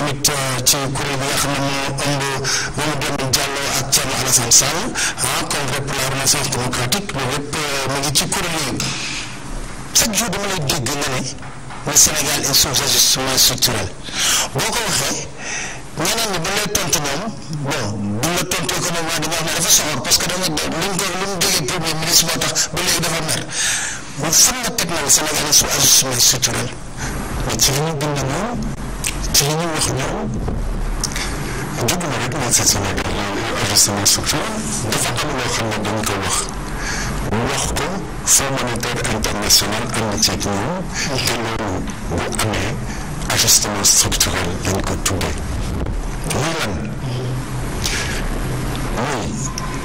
tamit uh, ci kuréel bi nga xam ne moo ëmb Mamadou Lamine Diallo ak Thierno Alassane Sall ah congrès pour la renaissance démocratique loolu lépp euh, mu ngi ci kuréel yooyu chaque jour dama lay nga ne le Sénégal est sous ajustement structurel boo ko waxee ñeneen ñi bu lay tontu ñoom bon bu la tontu économiquement dañuy wax ne dafa soxor parce que da nga lu mu déggee moo tax ba léegi dafa mer mu fan nga teg na Sénégal est sous ajustement structurel mais ci li ñu bind noonu. ci ñu wax ñoom dugg na rek man si Sénégal ak sama dafa am loo xam ne dañ ko wax ñu wax ko Fonds monétaire international am na ci ñoom te loolu bu amee ajustement structurel lañ ko tuddee muy lan muy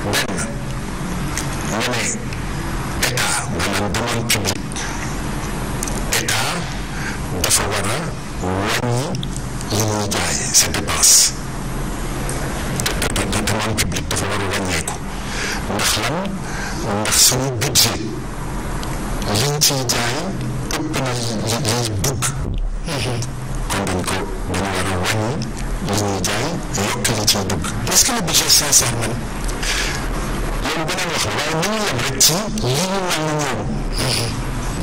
benn nga ne état maanaam demande dafa war a wàññi ñu ñuy jaay seen dépense te te demande publique dafa war a wàññeeku ndax lan ndax suñu jaay ëpp na li dugg. kon dañ ko dañu war a wàññi li ñuy jaay yokk li ciy dugg. est-ce que le budget sincère man loolu beneen wax la waaye nañu yem rek ci li ñu mel ni ñoom.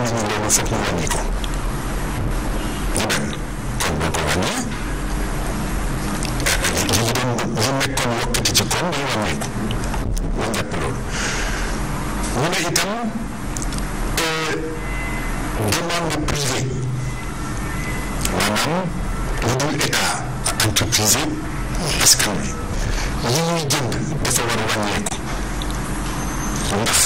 ñenn ñi leen foog ñu wàññi ko ñu dem kon boo ko wàññee li ñu doon li nekkoon yokkati ci koom day wàññeeku ñu jàpp loolu ñu ne itam demande privée maanaam lu dul état ak entreprise askan wi li ñuy jënd dafa war a wàññeeku ndax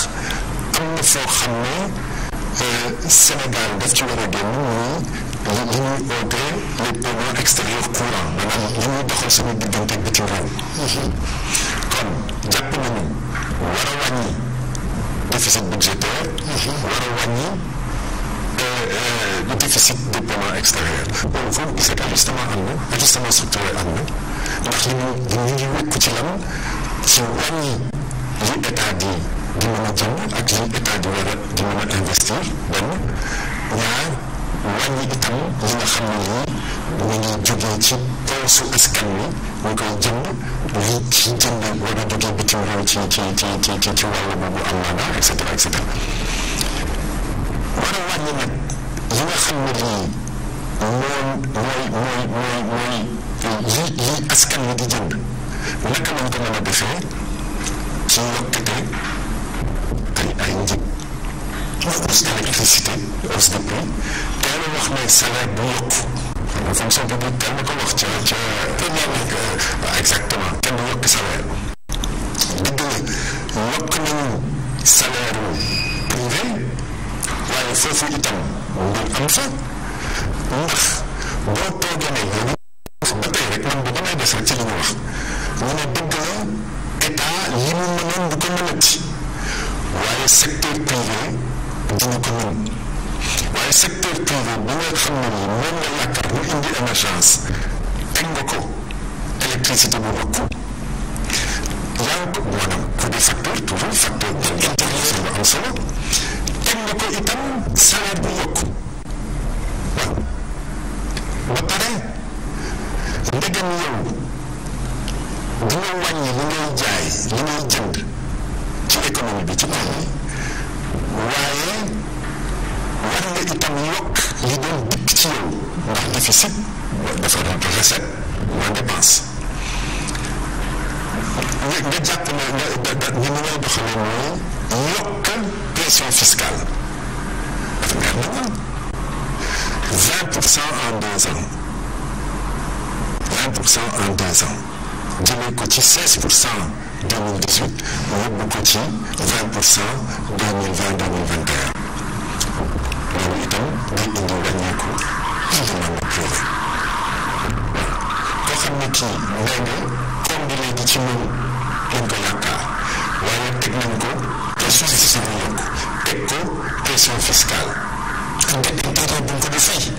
am na foo xam ne Euh, Sénégal daf ci war a génn muy li ñuy oote les paiements extérieurs courants li ñuy doxal sama diggante bitim réew. kon jàpp nañu war a wàññi déficit budgétaire. war a wàññi euh, euh, déficit de extérieur. donc foofu gis nga am na ajustement structurel am na ndax li ñu li ñu ngi wékku ci lan ci wàññi li état di. jëm ak suñu état di war a di mën a investir benn ñaar wàññi itam li nga xam ne lii ñu ngi jógee ci poosu askan wi ñu koy jënd lii ci jënd war a boobu am maanaa et cetera et wàññi nag li nga xam ne lii moom mooy mooy mooy mooy lii lii askan wi di jënd naka lañ ko mën a defee ci yokkute ay njëg wax aussi électricité hausse de prix teel a wax ne salaire bu yokku fonction publique kenn ko wax ca ca exactement kenn yokk salaire dëgg la yokk nañu salaire privé waaye foofu itam mbir am fa ndax boo toogee ne yow ba tey man bu damay des rek ci li ñu wax ñu ne dëgg la état li mu mënoon du ko mënati waaye secteur privé dina ko mën waaye secteur privé bu nga xam ne ni moom mu indi émergence teg ko électricité bu yokku yaa ngi ko maanaam pour des facteurs toujours facteur intervention bu am solo teg ko itam salaire bu yokku waaw ba pare ndegam yow dina wàññi li ngay jaay li ngay jënd ci économie bi ci naan waaye war nga itam yokk li doon dikk ci yow ndax déficit dafa doon recette mooy dépense nga ne nga da ñu ni ngay doxalee mooy fiscale dafa neex na vingt pour cent en deux ans vingt pour seize pour cent deux mille dix huit mu yóbbu ko ci vingt pour cent deux mille vingt deux mille vingt et un loolu itam day indi wàññeeku ci demande privée xam ne kii nee comme bi léegi ci moom lañ ko yaakaar waaye teg nañ ko ressources yi mu yokk teg ko pression fiscale. te intérêt bu ñu ko di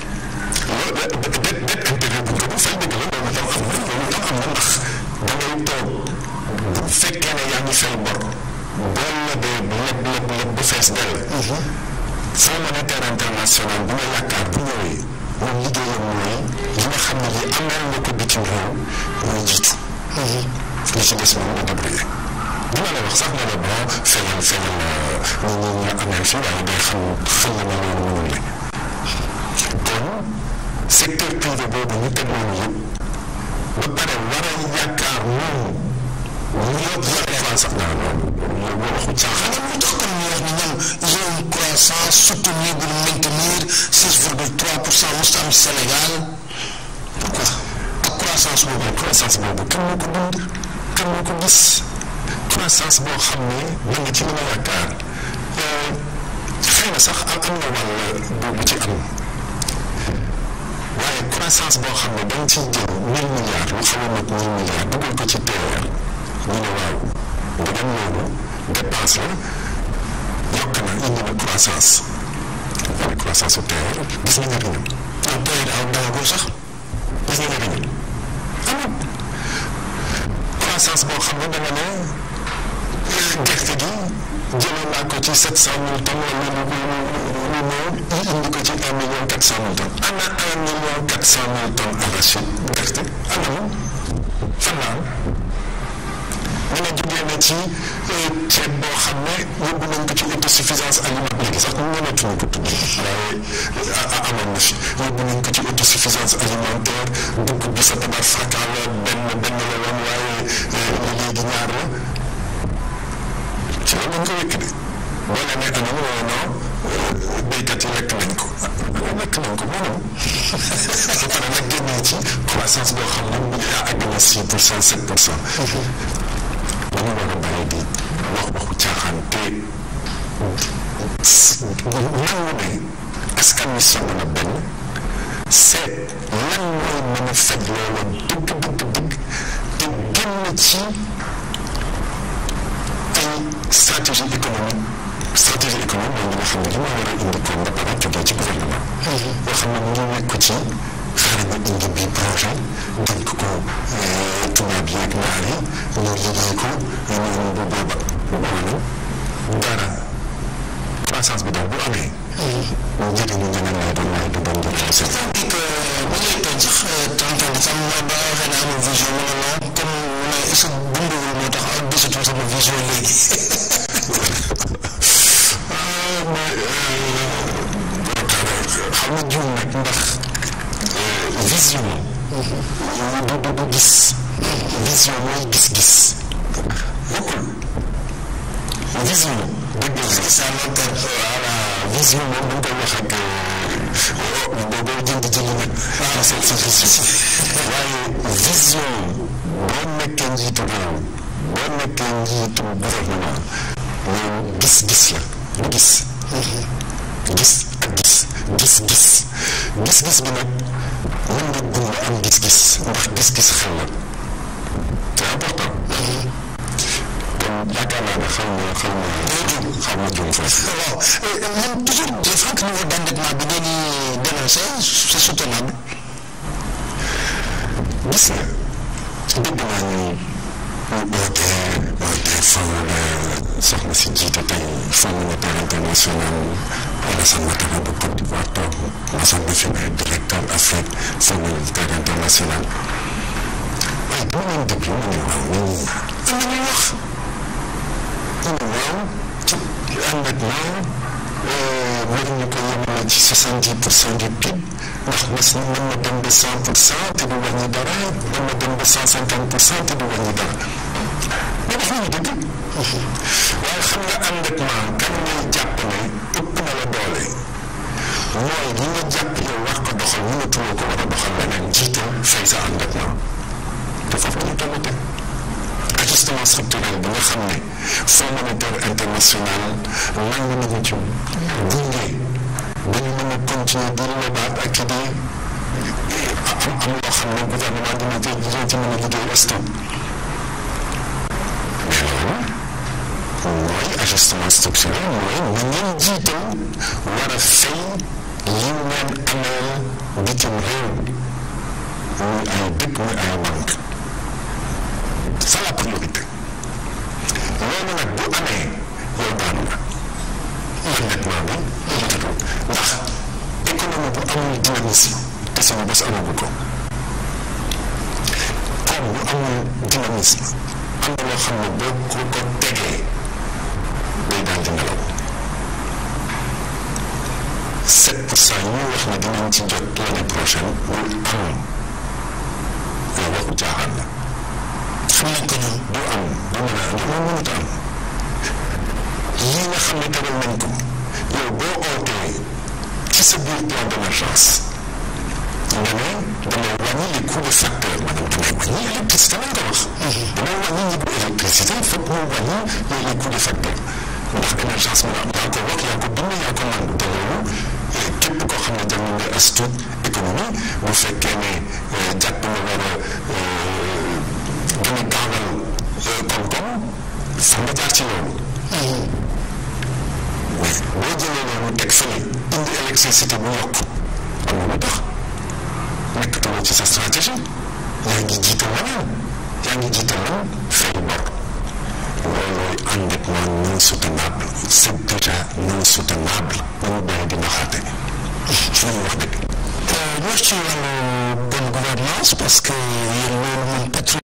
yaa fay bor boo lebee leb leb leb bu fees dell fonds monétaire international bu nga yaakaar bu ñëwee moom liggéeyam mooy li nga xam ne lii amal nga ko bitim réew mooy jiitu li ci des moom nga débrouillé bu ma wax sax ma ne bon feeñal feeñal ñu ñu ñu amee fii waaye day xam fan la ma loolu mënul ne secteur privé boobu ñu teg noonu yëpp ba pare war a yaakaar noonu ñoo gën a avancer. waaw waaw waxu caaxaan. lu tax kon ñu wax ni ñoom ils ont une croissance soutenue bu maintenir six pour cent mos am Sénégal. pourquoi ak croissance boobu croissance boobu ko dund kan moo ko gis croissance boo xam ne mën nga ci mën a yaakaar xëy sax am na wàll boobu ci am. waaye croissance boo xam ne dañ ciy jël mille lu xaw a mat mille ko ci TER ñu ne waaw ndem loolu dépense la yokk na indi na croissance mooy croissance su TER gis nañ njëriñam. ah TER aw dawagul sax gis nañ njëriñam amul croissance boo xam ne dama ne gerte gi jëloon naa ko ci sept cent indi ko ci un million quatre cent mille tonnes. am na un million quatre cent mille tonnes arachide gerte. am na fan la am mën a jugee na ci euh, ceeb boo xam ne yóbbu nañ ko ci autosuffisance alimentaire sax mënatuñu ko tudd waaye amoon na fi yóbbu nañ ko ci autosuffisance alimentaire dugub bi sa tabax fakkaal la benn benn la woon waaye euh, léegi ñaar la ci la nañ ko wékk de boo leen ne anam wala non euh, béykat yi lekk nañ ko lekk nañ ko maanaam ba pare nag génnee na six pour cent sept pour cent ñu war a bàyyi di wax waxu caaxaan te nangu ne askan wi sonn na benn seet lan mooy mën a faj loola dëgg dëgg dëgg te génn ci ay stratégie économique stratégie économique mooy li xam ne li ma war a indi koom ba pare ci gouvernement yoo xam ne ñu nekk ci xar ba indi biir projet dénk ko tubaab yi ak naar yi ñu liggéey ko bu booba loolu dara croissance bi daal bu amee. njëriñu ñeneen lay doon waaye du doon njëriñu seen. donc bu bi sax mooy ba waxee ne amul vision mu ne non comme moo tax ak gisatu sama vision léegi. gis vision mooy gis-gis vision dëgg la ça manque voilà vision moom dañ koy wax ak boo euh, boo jënd jënd nag seen sa vision waaye vision boo nekkee njiitu réew boo nekkee njiitu gouvernement moom gis-gis la gis gis ak gis gis-gis gis-gis bi nag ñun ñu góor am gis-gis ndax gis-gis xel la c'est important. kon yaakaar naa ne xam nga xam nga. xam nga juum foofu. waaw man toujours je crois que niveau d'endettement bi ngeen di dénoncé c'est soutenable. gis nga dégg naa ñu ñu oote oote fànn soxna si jiite tey Fonds monétaire international. nacionalidad de deportiva la semifinal directa al AFED Solidarité Internationale waaye boo leen déglu mu ne waaw ñu ngi am na ñuy wax ñu waaw ci endettement war ñu ko yemale ci soixante dix pour cent du PIB ndax bés ñu mën na dem ba cent pour cent te du wàññi dara mën na dem ba cent cinquante pour cent te du wàññi dara mais dafa ñu dëgg waaye xam nga endettement kan ñuy jàpp ne doxalee mooy li nga jàpp yow wax ko doxal mënatuloo ko war a doxal leneen jiital fay sa endettement te foofu dañu toll teg ajustement structurel bi nga xam ne Fonds monétaire international nangu na ko ba ñu mën a continuer di lebaat ak di am loo xam ne gouvernement dina jël dina ci mën a liggéey stock mooy ajustement structurel mooy ñi leen jiite war a fay li leen ameel bitim réew muy ay dëkk muy ay banque c'est la priorité loolu nag bu amee yow baax na endettement bi matatu ndax économie bu amul dynamisme bu amul dynamisme am na loo xam ne boo ko ko tegee kuy daan di nelaw wax ne dinañ ci jot l'année prochaine loolu amul loolu waxu la xam nañ ko du am du mën a du mënut am lii nga xam ne tegal nañ ko yow boo ootee ci sa biir plan d'émergence nga ne damay wàññi les coûts de facteur maanaam damay wàññi électricité lañ ko wax. Mhm. damay wàññi njëgu électricité foog ñu wàññi les émergence mën a am yaa wax yaa ko bind yaa ko mën te loolu képp koo xam ne jàng nga institut économie bu fekkee ne jàpp nga war a gën a gaawal koom-koom fa ci loolu. boo jëlee loolu teg fële indi électricité bu yokk am na lu tax nekkatoo ci sa stratégie yaa ngi jiital leneen yaa ngi jiital leneen fay bor. loolu euh, mooy ànd ak man non soutenable cet état non soutenable ñu bàyyi di wax dëgg. wax ci wàllu bonne gouvernance parce que yéen loolu moom